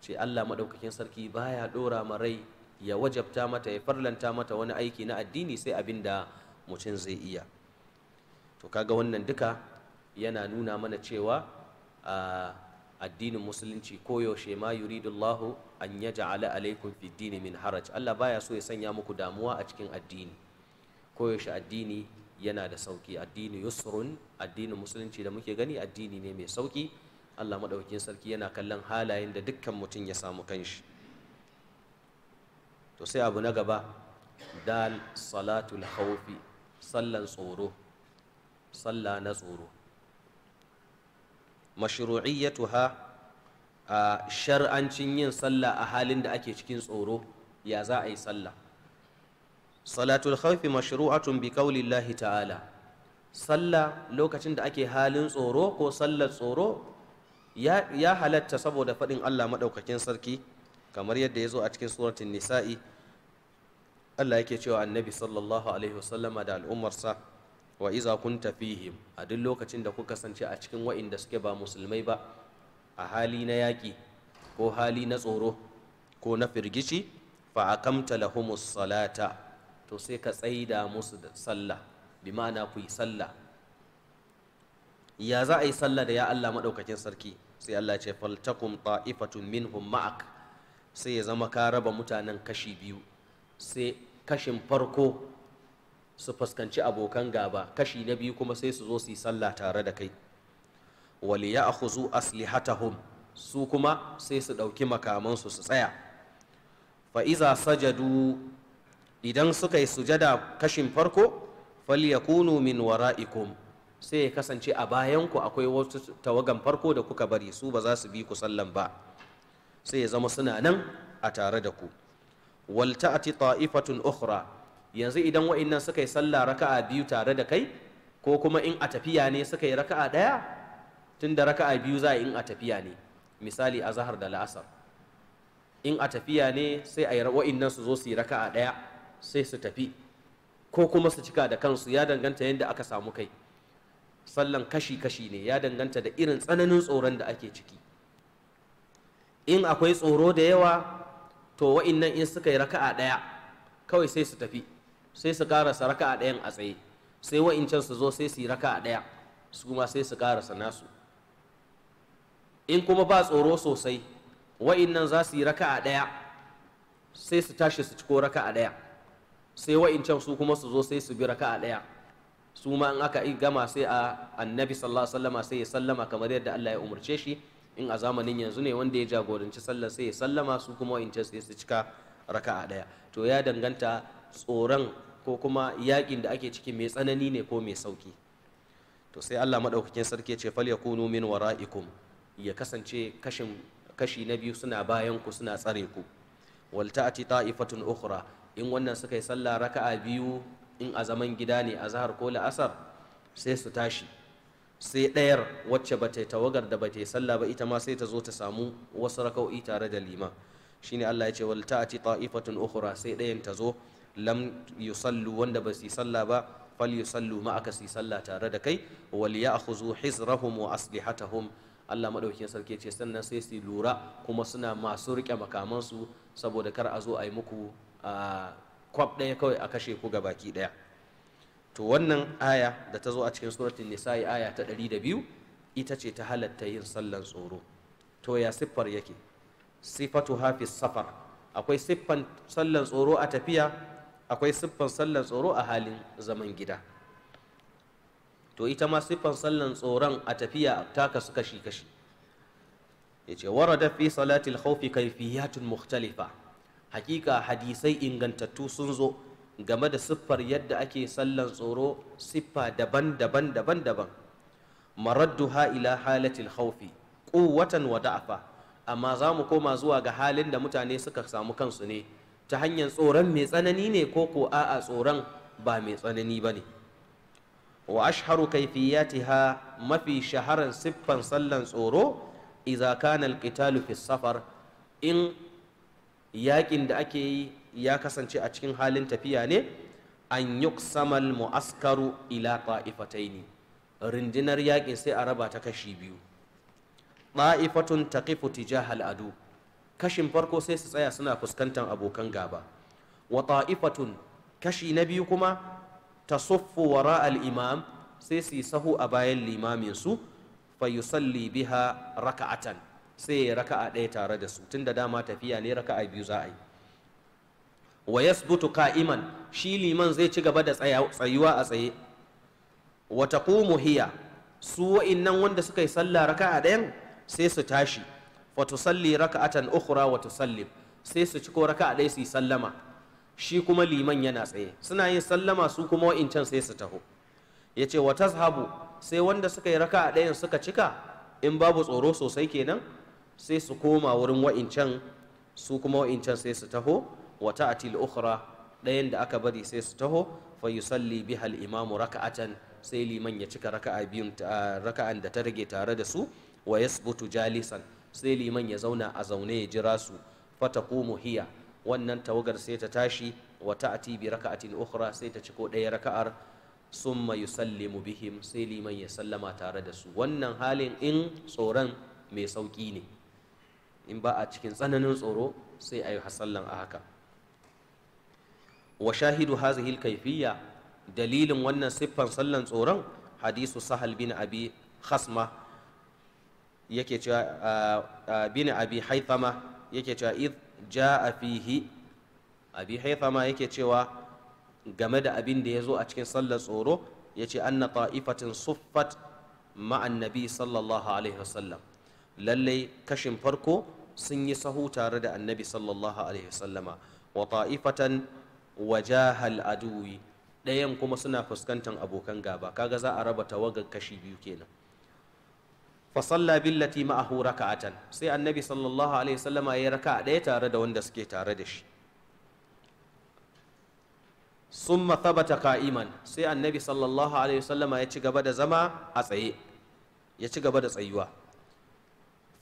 ce Allah maɗaukakin sarki baya ɗora ma rai ya wajabta mata ya farlanta mata wani aiki na addini sai abin da mutum zai iya to kaga wannan duka yana nuna mana cewa a addinin musulunci koyaushe ma yuridullahu an yaj'ala alaikum fi dini min haraj Allah baya so ya sanya muku damuwa a cikin addini koyaushe addini yana da sauki addini yusrun addinin musulunci da muke gani addini ne mai sauki Allah madaukakin sarki yana kallon halayen da dukkan mutum ya samu kanshi to sai abu na gaba dal salatul khawfi sallan tsoro sallah na tsoro mashru'iyyatuha a shar'ancin yin sallah a halin da ake cikin tsoro ya za a yi sallah salatul khawfi mashru'atun bi qaulillahi ta'ala sallah lokacin da ake halin tsoro ko sallar tsoro ya halatta saboda faɗin Allah maɗaukakin sarki kamar yadda ya zo a cikin suratun nisa'i Allah yake cewa annabi sallallahu alaihi wasallama da al'ummarsa wa iza kunta fihim a duk lokacin da kuka kasance a cikin wa'inda suke ba musulmai ba a hali na yaƙi ko hali na tsoro ko na firgici fa akamta lahumus salata to sai ka tsaida musu da sallah bi ma'ana ku yi sallah ya za a yi sallah da ya Allah maɗaukakin sarki sai Allah ce faltakum ta'ifatun minhum ma'ak sai ya zama ka raba mutanen kashi biyu sai kashin farko su fuskanci abokan gaba kashi na biyu kuma sai su zo su yi sallah tare da kai wali ya akhuzu aslihatahum su kuma sai su ɗauki makamansu su tsaya fa'iza sajadu idan suka yi sujada kashin farko falyakunu min wara'ikum sai ya kasance a bayanku akwai wasu tawagan farko da kuka bari su ba za su bi ku sallan ba sai ya zama suna nan a tare da ku walta'ati ta'ifatun ukhra yanzu idan wa'annan suka yi sallah raka'a biyu tare da kai ko kuma in a tafiya ne suka yi raka'a ɗaya tun da raka'a biyu za a in a tafiya ne misali a zahar da la'asar in a tafiya ne sai a yi wa'annan su zo su yi raka'a ɗaya sai su tafi ko kuma su cika da kansu ya danganta yadda aka samu kai sallan kashi-kashi ne ya danganta da irin tsananin tsoron da ake ciki in akwai tsoro da yawa to wa'innan in suka yi raka'a ɗaya kawai sai su tafi sai su karasa raka'a ɗayan a tsaye sai wa'incan su zo sai su yi raka'a ɗaya su kuma sai su karasa nasu in kuma ba tsoro sosai wa'innan za su yi raka'a ɗaya sai su tashi su ciko raka'a ɗaya sai wa'incan su kuma su zo sai su bi raka'a ɗaya su ma in aka gama sai a annabi sallallahu alaihi sai ya sallama kamar yadda Allah ya umarce shi in a zamanin yanzu ne wanda ya jagoranci sallar sai ya sallama su kuma wa'incan sai su cika raka'a ɗaya to ya danganta tsoron ko kuma yakin da ake ciki mai tsanani ne ko mai sauki to sai Allah madaukakin sarki ya ce fal yakunu min wara'ikum ya kasance kashin kashi na biyu suna bayan ku suna tsare ku wal ta'ati ta'ifatun ukhra in wannan suka yi sallah raka'a biyu in a zaman gida ne a zahar ko la'asar sai su tashi sai ɗayar wacce ba ta tawagar da ba ta yi sallah ba ita ma sai ta zo ta samu wasu raka'o'i tare da lima shine Allah ya ce wal ta'ati ta'ifatun ukhra sai ɗayan ta zo lam yusallu wanda ba su sallah ba fal yusallu ma aka su sallah tare da kai wal ya'khudhu hizrahum wa aslihatahum Allah madaukakin sarki ce sannan sai su lura kuma suna masu rike makamansu saboda kar a zo a yi muku kwab ɗaya kawai a kashe ku gabaki ɗaya to wannan aya da ta zo a cikin suratul nisa'i aya ta 102 ita ce ta halatta yin sallan tsoro to ya siffar yake sifatu hafi safar akwai siffan sallan tsoro a tafiya akwai siffan sallar tsoro a halin zaman gida to ita ma siffan sallar tsoron a tafiya ta kasu kashi kashi Ya yace warada fi salati al-khawf mukhtalifa hakika hadisai ingantattu sun zo game da siffar yadda ake sallar tsoro siffa daban-daban daban-daban maradduha ila halatil khawfi quwwatan wa da'afa amma za mu koma zuwa ga halin da mutane suka samu kansu ne ta hanyar tsoron mai tsanani ne ko ko a'a tsoron ba mai tsanani ba ne wa ashharu ha mafi shaharan siffan sallan tsoro iza kana alqitalu fi safar in yakin da ake yi ya kasance a cikin halin tafiya ne an yuqsamal mu'askaru ila ta'ifataini rindinar yakin sai a raba ta kashi biyu ta'ifatun taqifu tijahal adu kashin farko sai su tsaya suna fuskantar abokan gaba wa ta'ifatun kashi na biyu kuma tasuffu wa al-imam sai su yi sahu a bayan limamin su fa yusalli biha raka'atan sai ya raka'a ɗaya tare da su tunda dama tafiya ne raka'a biyu za a yi wa yasbutu ka'iman shi liman zai ci gaba da tsayuwa a tsaye wata taqumu hiya su wa'innan wanda suka yi sallah raka'a ɗayan sai su tashi wa raka'atan ukhra wa tusallim sai su ci ko raka'a dai su yi sallama shi kuma liman yana tsaye suna yin sallama su kuma wa'incan sai su taho yace wa tazhabu sai wanda suka yi raka'a ɗayan suka cika in babu tsoro sosai kenan sai su koma wurin wa'incan su kuma wa'incan sai su taho wa ta'ati al-ukhra ɗayan da aka bari sai su taho fa yusalli biha al-imamu raka'atan sai liman ya cika raka'a biyun raka'an da ta rage tare da su wa yasbutu jalisan sai liman ya zauna a zaune ya jira su fata ko muhiya wannan tawagar sai ta tashi wa ta'ati bi raka'atin ukhra sai ta ciko ɗaya raka'ar summa yusallimu bihim sai liman ya sallama tare da su wannan halin in tsoron mai sauki ne in ba a cikin tsananin tsoro sai a yi hasallan a haka wa shahidu hazihi kaifiyya dalilin wannan siffan sallan tsoron hadisu sahal bin abi khasma yake cewa bin abi haithama yake cewa id a fihi abi haithama yake cewa game da abin da ya zo a cikin sallar tsoro ya ce an na ta'ifatin suffat ma'an nabi sallallahu alaihi wasallam lallai kashin farko sun yi sahu tare da annabi sallallahu alaihi wasallama wa ta'ifatan wajahal aduwi ɗayan kuma suna fuskantar abokan gaba kaga za a raba tawagar kashi biyu kenan fasalla billati ma'ahu raka'atan sai annabi sallallahu alaihi wasallama ya raka'a ɗaya tare da wanda suke tare da shi summa thabata qa'iman sai annabi sallallahu alaihi wasallama ya ci gaba da zama a tsaye ya ci gaba da tsayuwa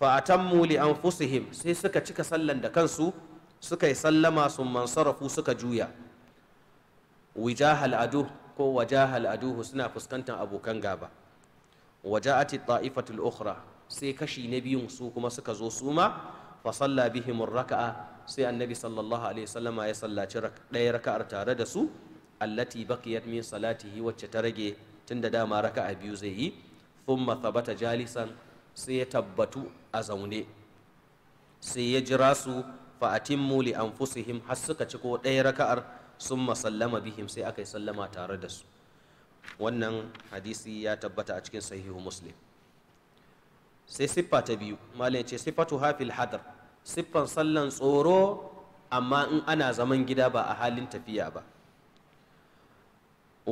fa atammu li anfusihim sai suka cika sallan da kansu suka yi sallama sun mansarafu suka juya wijahal adu ko wajahal aduhu suna fuskantar abokan gaba waja'ati ta'ifatul ukhra sai kashi na biyun su kuma suka zo su ma fa salla bihimun raka'a sai annabi sallallahu alaihi wasallama ya sallaci ɗaya raka'ar tare da su allati baqiyat min salatihi wacce ta rage tunda dama raka'a biyu zai yi thumma thabata jalisan sai ya tabbatu a zaune sai ya jira su fa atimmu li anfusihim har suka ci ko ɗaya raka'ar summa sallama bihim sai aka yi sallama tare da su wannan hadisi ya tabbata a cikin sahihu muslim sai siffa ta biyu malam ce siffatu hafil hadar siffan sallan tsoro amma in ana zaman gida ba a halin tafiya ba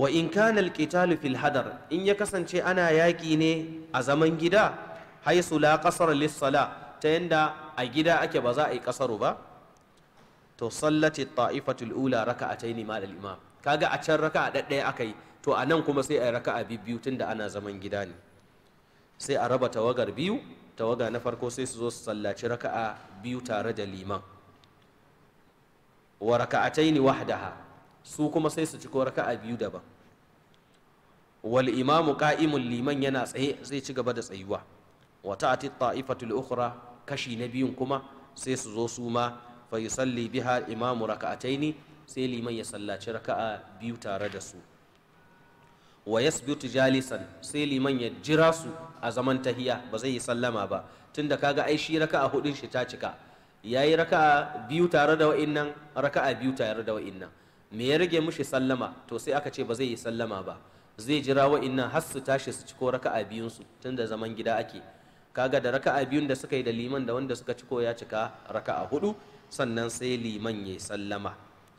wa in kana alqitalu fil hadar in ya kasance ana yaki ne a zaman gida haisu la qasar lis sala ta yanda a gida ake ba za a yi kasaru ba to sallati ta'ifatul ula raka'ataini ma al imam kaga a can raka'a daddaya akai to a nan kuma sai a yi raka'a biyu tun da ana zaman gida ne sai a raba tawagar biyu tawaga na farko sai su zo su sallaci raka'a biyu tare da liman wa ne wahdaha su kuma sai su ciko raka'a biyu daban wal imamu ka'imun liman yana tsaye zai ci gaba da tsayuwa wa ta'ati ta'ifatul ukhra kashi na biyun kuma sai su zo su ma fa yusalli biha imamu raka'ataini sai liman ya sallaci raka'a biyu tare da su wa yasbitu jalisan sai liman ya jira su a zaman tahiya ba zai yi sallama ba tunda kaga ai shi raka'a hudun shi ta cika yayi raka'a biyu tare da wa'innan raka'a biyu tare da wa'innan me ya rage mushi sallama to sai aka ce ba zai yi sallama ba zai jira wa'innan har su tashi su ciko raka'a biyun su tunda zaman gida ake kaga da raka'a biyun da suka yi da liman da wanda suka ciko ya cika raka'a hudu sannan sai liman ya sallama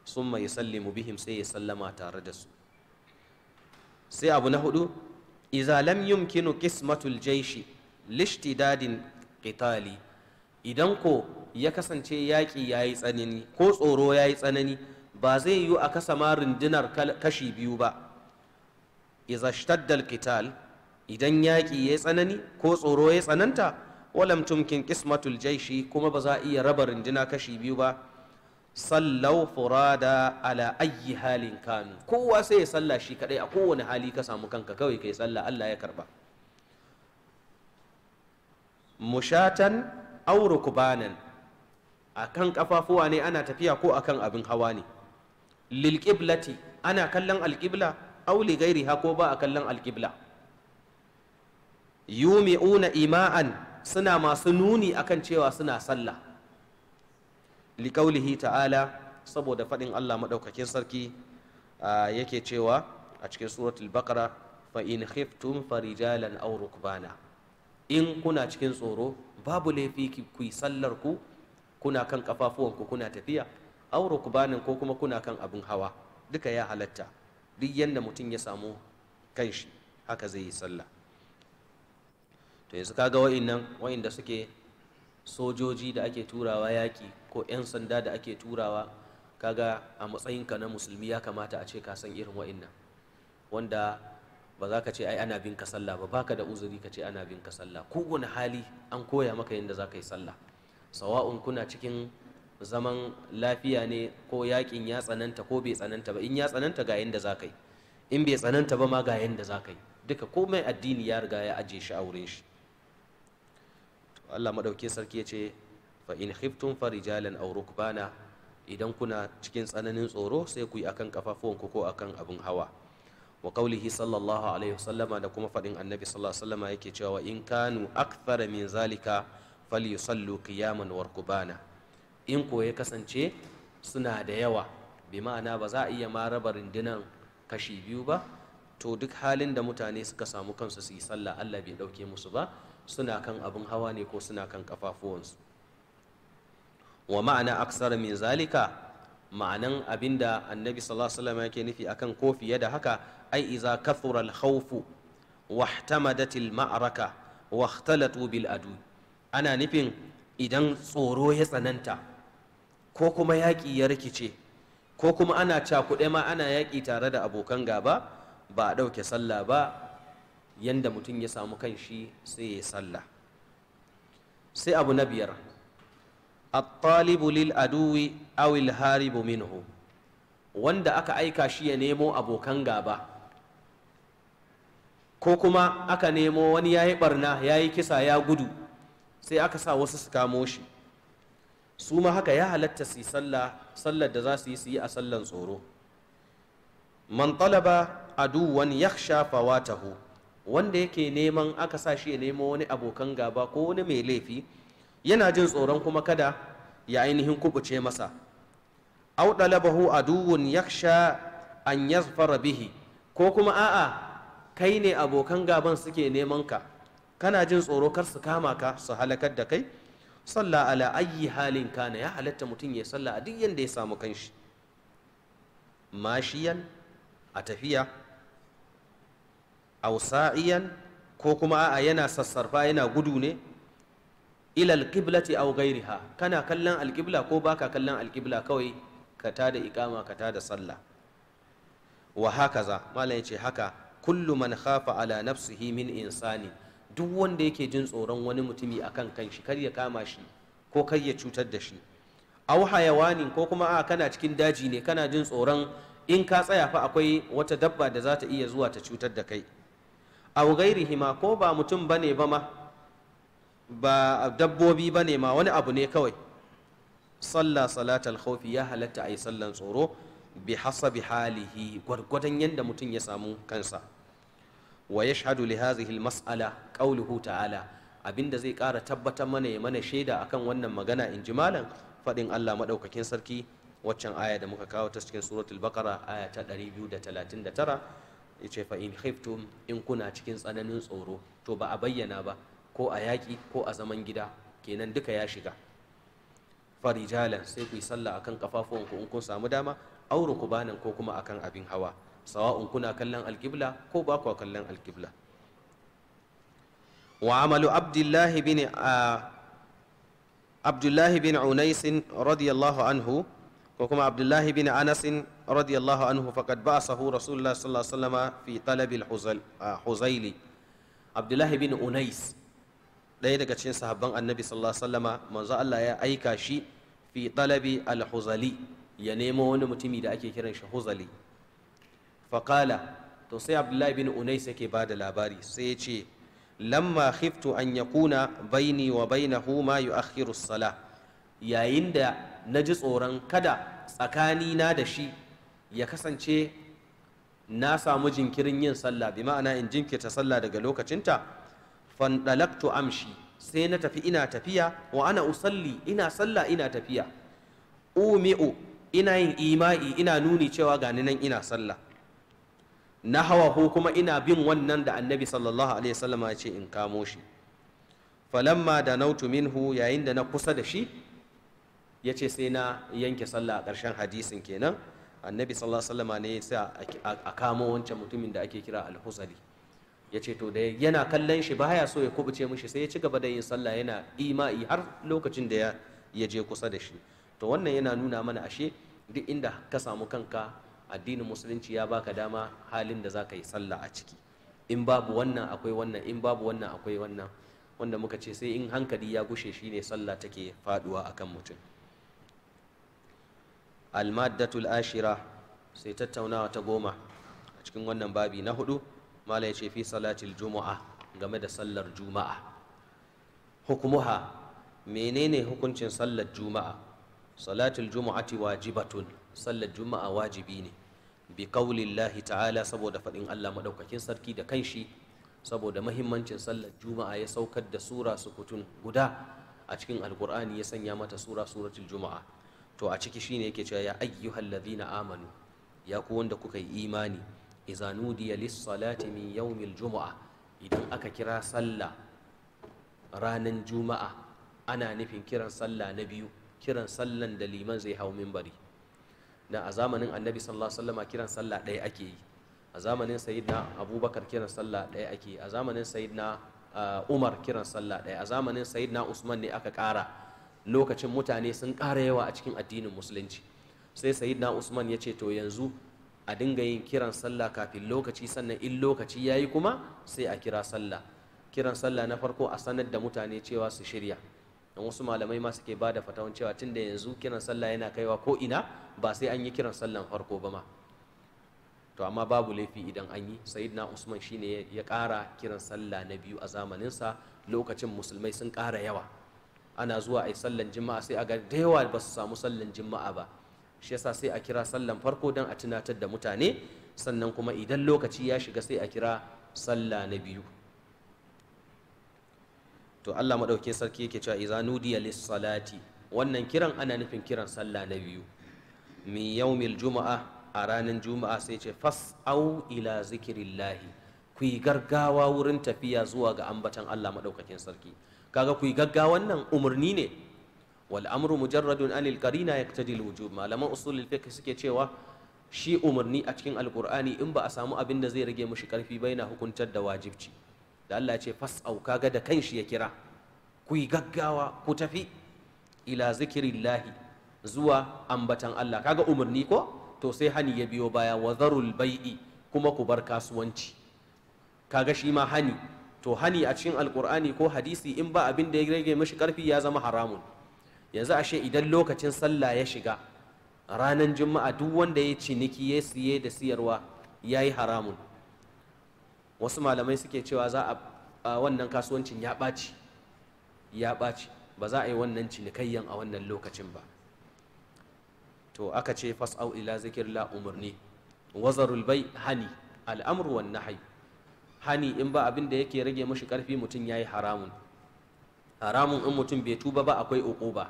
summa yusallimu bihim sai ya sallama tare da su sai abu na hudu izalam yumkinu kismatul jaishi dadin qitali idan ko ya kasance yaƙi ya yi tsanani ko tsoro ya yi tsanani ba zai yiwu a kasa ma rundunar kashi biyu ba izashtaddal shtaddal qital idan yaƙi ya yi tsanani ko tsoro ya tsananta walam tumkin kismatul jaishi kuma ba za a iya raba runduna kashi biyu ba sallau furada ala ayyi halin kanu kowa sai ya salla shi kadai a kowane hali ka samu kanka kawai ka yi salla Allah ya karba mushatan aw rukbanan akan kafafuwa ne ana tafiya ko akan abin hawa ne lil qiblati ana kallon alqibla aw li ghairiha ko ba a kallon alqibla yumi'una ima'an suna masu nuni akan cewa suna sallah liƙaulihi ta'ala saboda faɗin Allah maɗaukakin sarki yake cewa a cikin suratul baqara fa in khiftum farijalan aw rukbana in kuna cikin tsoro babu laifi ku yi sallar ku kuna kan kafafuwanku kuna tafiya aw rukbanin ko kuma kuna kan abin hawa duka ya halatta duk yanda mutum ya samu kanshi haka zai yi sallah to yanzu kaga wa'innan wa'inda suke sojoji da ake turawa yaƙi ko 'yan sanda da ake turawa kaga a matsayinka na musulmi ya kamata a ce ka san irin wa'innan wanda ba za ka ce ai ana bin ka sallah ba baka da uzuri ka ce ana bin ka sallah kowane hali an koya maka yadda za ka yi sallah sawa'un kuna cikin zaman lafiya ne ko yakin ya tsananta ko bai tsananta ba in ya tsananta ga yadda za ka yi in bai tsananta ba ma ga yadda za ka yi duka komai addini ya riga ya ajiye shi a wurin shi Allah maɗauki sarki ya ce fa in khiftum farijalan aw rukbana idan kuna cikin tsananin tsoro sai ku yi akan ku ko akan abin hawa wa qaulihi sallallahu alaihi wasallama da kuma fadin annabi sallallahu alaihi wasallama yake cewa in kanu akthara min zalika falyusallu qiyaman wa rukbana in ko ya kasance suna da yawa bi ma'ana ba za a iya ma raba rindinan kashi biyu ba to duk halin da mutane suka samu kansu su yi sallah Allah bai dauke musu ba suna kan abin hawa ne ko suna kan kafafuwansu wa ma'ana aksar min zalika ma'anan abinda annabi sallallahu alaihi wasallam yake nufi akan ko fiye da haka ai iza kathura al-khawf wa ihtamadat al-ma'raka wa ikhtalatu bil adu ana nufin idan tsoro ya tsananta ko kuma yaƙi ya rikice ko kuma ana cakuɗe ma ana yaƙi tare da abokan gaba ba a ɗauke sallah ba yanda mutum ya samu kan shi sai ya sallah sai abu na biyar at-talibu lil aduwi aw haribu minhu wanda aka aika shi ya nemo abokan gaba ko kuma aka nemo wani yayi barna yayi kisa ya gudu sai aka sa wasu su kamo shi su ma haka ya halatta su yi sallah sallar da za su yi su yi a sallan tsoro man talaba aduwan yakhsha taho wanda yake neman aka sa shi ya nemo wani abokan gaba ko wani mai laifi yana jin tsoron kuma kada ya ainihin kubuce masa aw dalabahu aduwun yaksha an yazfara bihi ko kuma a'a kai ne abokan gaban suke neman ka kana jin tsoro kar su kama ka su halakar da kai salla ala ayyi halin kana ya halatta mutum ya salla a duk yanda ya samu kanshi mashiyan a tafiya sa'iyan ko kuma a'a yana sassarfa yana gudu ne ila alqiblati aw ghairiha kana kallon alqibla ko baka kallon alqibla kawai ka tada iqama ka tada sallah wa hakaza ya yace haka kullu man khafa ala nafsihi min insani duk wanda yake jin tsoron wani mutumi akan kanshi kar ya kama shi ko kar ya cutar da shi aw hayawanin ko kuma a kana cikin daji ne kana jin tsoron in ka tsaya fa akwai wata dabba da za ta iya zuwa ta cutar da kai aw ghairihima ko ba mutum bane ba ma ba dabbobi ba ne ma wani abu ne kawai sallah salatal khawfi ya halatta a yi sallan tsoro bi hasabi halihi gwargwadon yadda mutum ya samu kansa wa yashhadu li hadhihi mas'ala qawluhu ta'ala abinda zai ƙara tabbatar mana ya mana shaida akan wannan magana in ji malam faɗin Allah maɗaukakin sarki waccan aya da muka kawo ta cikin suratul baqara aya ta 239 yace fa in khiftum in kuna cikin tsananin tsoro to ba a bayyana ba ko a yaƙi ko a zaman gida kenan duka ya shiga farijalan sai ku yi sallah akan kafafuwanku in kun samu dama auru ku banan ko kuma akan abin hawa sawa'un kuna kallon alƙibla ko ba ku kallon alƙibla wa amalu abdullahi bin abdullahi bin unais radiyallahu anhu ko kuma abdullahi bin anas radiyallahu anhu faqad ba'asahu rasulullah sallallahu alaihi wasallam fi talabil huzaili abdullahi bin unais ɗaya daga cikin sahabban annabi sallallahu alaihi wasallama manzo Allah ya aika shi fi talabi al-huzali ya nemo wani mutumi da ake kiran shi huzali faqala to sai abdullahi bin unais yake ba da labari sai ya ce lamma khiftu an yakuna baini wa bainahu ma yu'akhiru as yayin da naji tsoron kada tsakani na da shi ya kasance na samu jinkirin yin sallah bi ma'ana in jinkirta sallah daga lokacinta fandalaktu amshi sai na tafi ina tafiya wa ana usalli ina sallah ina tafiya umi'u ina yin ima'i ina nuni cewa gani nan ina sallah na hawahu kuma ina bin wannan da annabi sallallahu alaihi wasallama ya ce in kamo shi falamma da nautu minhu yayin da na kusa da shi ya ce sai na yanke sallah a ƙarshen hadisin kenan annabi sallallahu alaihi wasallama ne ya sa a kamo wancan mutumin da ake kira al-husali ya ce to da yana kallon shi ba ya so ya kubuce mishi sai ya ci gaba da yin sallah yana ima'i har lokacin da ya je kusa da shi to wannan yana nuna mana ashe duk inda ka samu kanka addinin musulunci ya baka dama halin da zaka yi sallah a ciki in babu wannan akwai wannan in babu wannan akwai wannan wanda muka ce sai in hankali ya gushe shi ne sallah take faduwa akan mutum al-maddatul ashira sai tattaunawa ta goma a cikin wannan babi na hudu mala ya ce fi salatil juma'a game da sallar juma'a hukumuha menene hukuncin sallar juma'a salatul juma'ati wajibatun sallar juma'a wajibi ne bi kaulillahi ta'ala saboda faɗin Allah maɗaukakin sarki da kanshi saboda mahimmancin sallar juma'a ya saukar da sura sukutun guda a cikin alkur'ani ya sanya mata sura suratul juma'a to a ciki shine yake cewa ya ayyuhal ladina amanu ya ku wanda kuka yi imani iza nudiya lis-salati min yawmil juma'a idan aka kira sallah ranar juma'a ana nufin kiran sallah na biyu kiran sallan da liman zai hau minbari na a zamanin annabi sallallahu alaihi wasallama kiran sallah ɗaya ake yi a zamanin sayyidina abubakar kiran sallah ɗaya ake yi a zamanin sayyidina umar kiran sallah ɗaya a zamanin sayyidina usman ne aka ƙara lokacin mutane sun ƙara yawa a cikin addinin musulunci sai sayyidina usman ya ce to yanzu a dinga yin kiran sallah kafin lokaci sannan in lokaci ya yi kuma sai a kira sallah kiran sallah na farko a sanar da mutane cewa su shirya don wasu malamai ma suke ba da fatawan cewa tun da yanzu kiran sallah yana kaiwa ko ina ba sai an yi kiran sallar farko ba ma to amma babu laifi idan an yi sayidina usman shine ya kara kiran sallah na biyu a zamaninsa lokacin musulmai sun kara yawa ana zuwa a yi sallan jima'a sai a ga da yawa ba su samu sallan jima'a ba shi yasa sai a kira sallan farko don a tunatar da mutane sannan kuma idan lokaci ya shiga sai a kira salla na biyu to Allah maɗaukin sarki yake cewa iza nudiya lis salati wannan kiran ana nufin kiran sallah na biyu mi yaumil juma'a a ranar juma'a sai ce fas au ila zikirillahi ku yi gargawa wurin tafiya zuwa ga ambatan Allah maɗaukakin sarki kaga ku yi gaggawan nan umarni ne wal amru mujarradun anil qarina yaqtadi al wujub malaman usulul fiqh suke cewa shi umarni a cikin alqur'ani in ba a samu abin da zai rage mushi karfi ba yana hukuntar da wajibci da Allah ya ce fas'au ga da kanshi ya kira ku yi gaggawa ku tafi ila zikirillahi zuwa ambatan Allah kaga umarni ko to sai hani ya biyo baya wa zarul bai'i kuma ku bar kasuwanci kaga shi ma hani to hani a cikin alkur'ani ko hadisi in ba abin da ya rage mashi karfi ya zama haramun yanzu ashe idan lokacin sallah ya shiga ranar juma'a duk wanda ya ciniki ya siye da siyarwa ya yi haramun wasu malamai suke cewa za a wannan kasuwancin ya ɓaci ya ɓaci ba za a yi wannan cinikayyan a wannan lokacin ba to aka ce fas'au ila zikirla umarni wazarul bai hani al'amru wan nahyi hani in ba abin da yake rage mashi karfi mutum ya yi haramun haramun in mutum bai tuba ba akwai uku ba.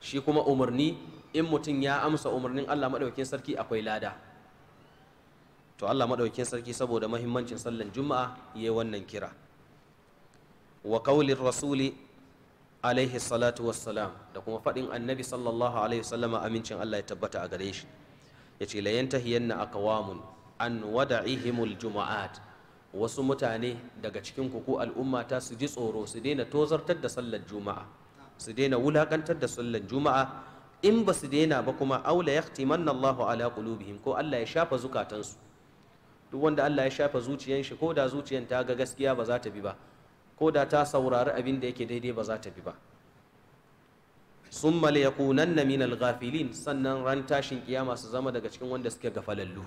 shi kuma umarni in mutum ya amsa umarnin Allah maɗaukin sarki akwai lada to Allah maɗaukin sarki saboda mahimmancin sallan juma'a yayi wannan kira wa rasuli alaihi salatu wassalam da kuma faɗin annabi sallallahu alaihi wasallama amincin Allah ya tabbata a gare shi yace la yantahiyanna aqwamun an wada'ihimul juma'at wasu mutane daga cikin kuku al'umma ta su ji tsoro su daina tozartar da sallar juma'a su daina wulakantar da sallan juma'a in ba su daina ba kuma aula yahtimanna Allahu ala qulubihim ko Allah ya shafa zukatansu duk wanda Allah ya shafa zuciyan shi ko da zuciyan ta ga gaskiya ba za ta bi ba ko da ta saurari abin da yake daidai ba za ta bi ba summa liyakunanna minal ghafilin sannan ran tashin kiyama su zama daga cikin wanda suke gafalallu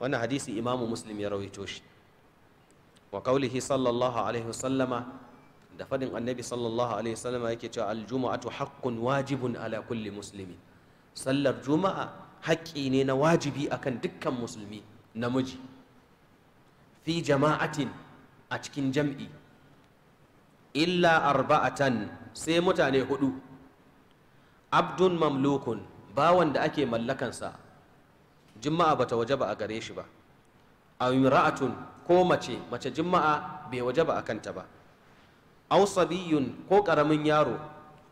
wannan hadisi imamu muslim ya rawaito shi wa qaulihi sallallahu alaihi wasallama da faɗin annabi sallallahu alaihi wasallam yake cewa aljuma'atu haqqun wajibun ala kulli muslimi sallar juma'a haƙƙi ne na wajibi akan dukkan musulmi namiji fi jama'atin a cikin jam'i illa arba'atan sai mutane hudu abdun mamlukun bawan da ake mallakansa juma'a bata wajaba a gare shi ba a ko mace mace juma'a bai wajaba a kanta ba aw sabiyun ko karamin yaro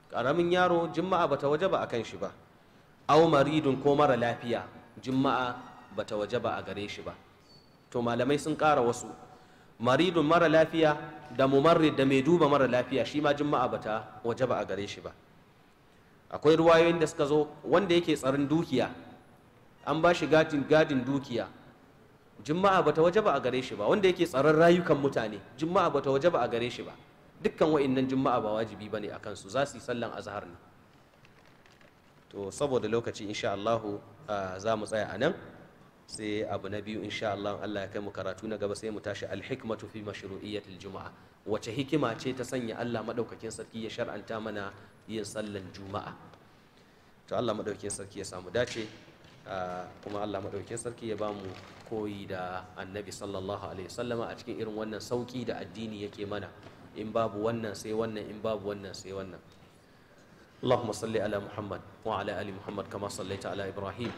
karamin yaro juma'a bata waje ba akan shi ba aw maridun ko mara lafiya juma'a bata waje ba a gare shi ba to malamai sun ƙara wasu maridun mara lafiya da mumarrid da mai duba mara lafiya shi ma juma'a bata waje ba a gare shi ba akwai ruwayoyin da suka zo wanda yake tsarin dukiya an ba shi gadin dukiya juma'a bata waje ba a gare shi ba wanda yake tsaron rayukan mutane juma'a bata waje ba a gare shi ba dukkan wa'annan juma'a ba wajibi ba ne akan su za su yi sallan azhar ne to saboda lokaci insha Allah za mu tsaya nan sai abu na biyu insha Allah Allah ya kai mu karatu na gaba sai mu tashi alhikmatu fi mashru'iyyatil juma'a wace hikima ce ta sanya Allah madaukakin sarki ya shar'anta mana yin sallan juma'a to Allah madaukakin sarki ya samu dace kuma Allah madaukakin sarki ya bamu koyi da annabi sallallahu alaihi wasallama a cikin irin wannan sauki da addini yake mana in babu wannan sai wannan in babu wannan sai wannan اللهم صل على محمد وعلى ال محمد كما صليت على ابراهيم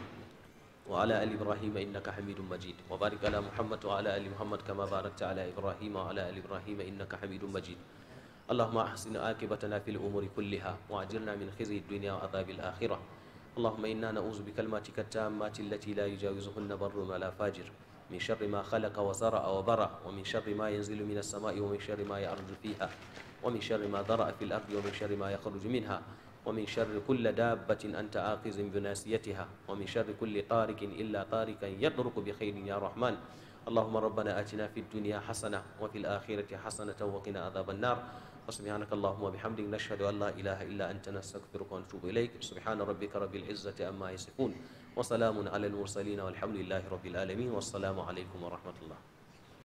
وعلى ال ابراهيم انك حميد مجيد وبارك على محمد وعلى ال محمد كما باركت على ابراهيم وعلى ال ابراهيم انك حميد مجيد اللهم احسن عاقبتنا في الامور كلها واجرنا من خزي الدنيا وعذاب الاخره اللهم انا نعوذ بكلماتك التامات التي لا يجاوزهن بر ولا فاجر من شر ما خلق وزرع وبرع ومن شر ما ينزل من السماء ومن شر ما يعرج فيها ومن شر ما ضرأ في الأرض ومن شر ما يخرج منها ومن شر كل دابة أنت آخذ بناسيتها ومن شر كل طارق إلا طارقا يطرق بخير يا رحمن اللهم ربنا آتنا في الدنيا حسنة وفي الآخرة حسنة وقنا عذاب النار وسبحانك اللهم وبحمدك نشهد أن لا إله إلا أنت نستغفرك ونتوب إليك سبحان ربك رب العزة أما يصفون وسلام على المرسلين والحمد لله رب العالمين والسلام عليكم ورحمة الله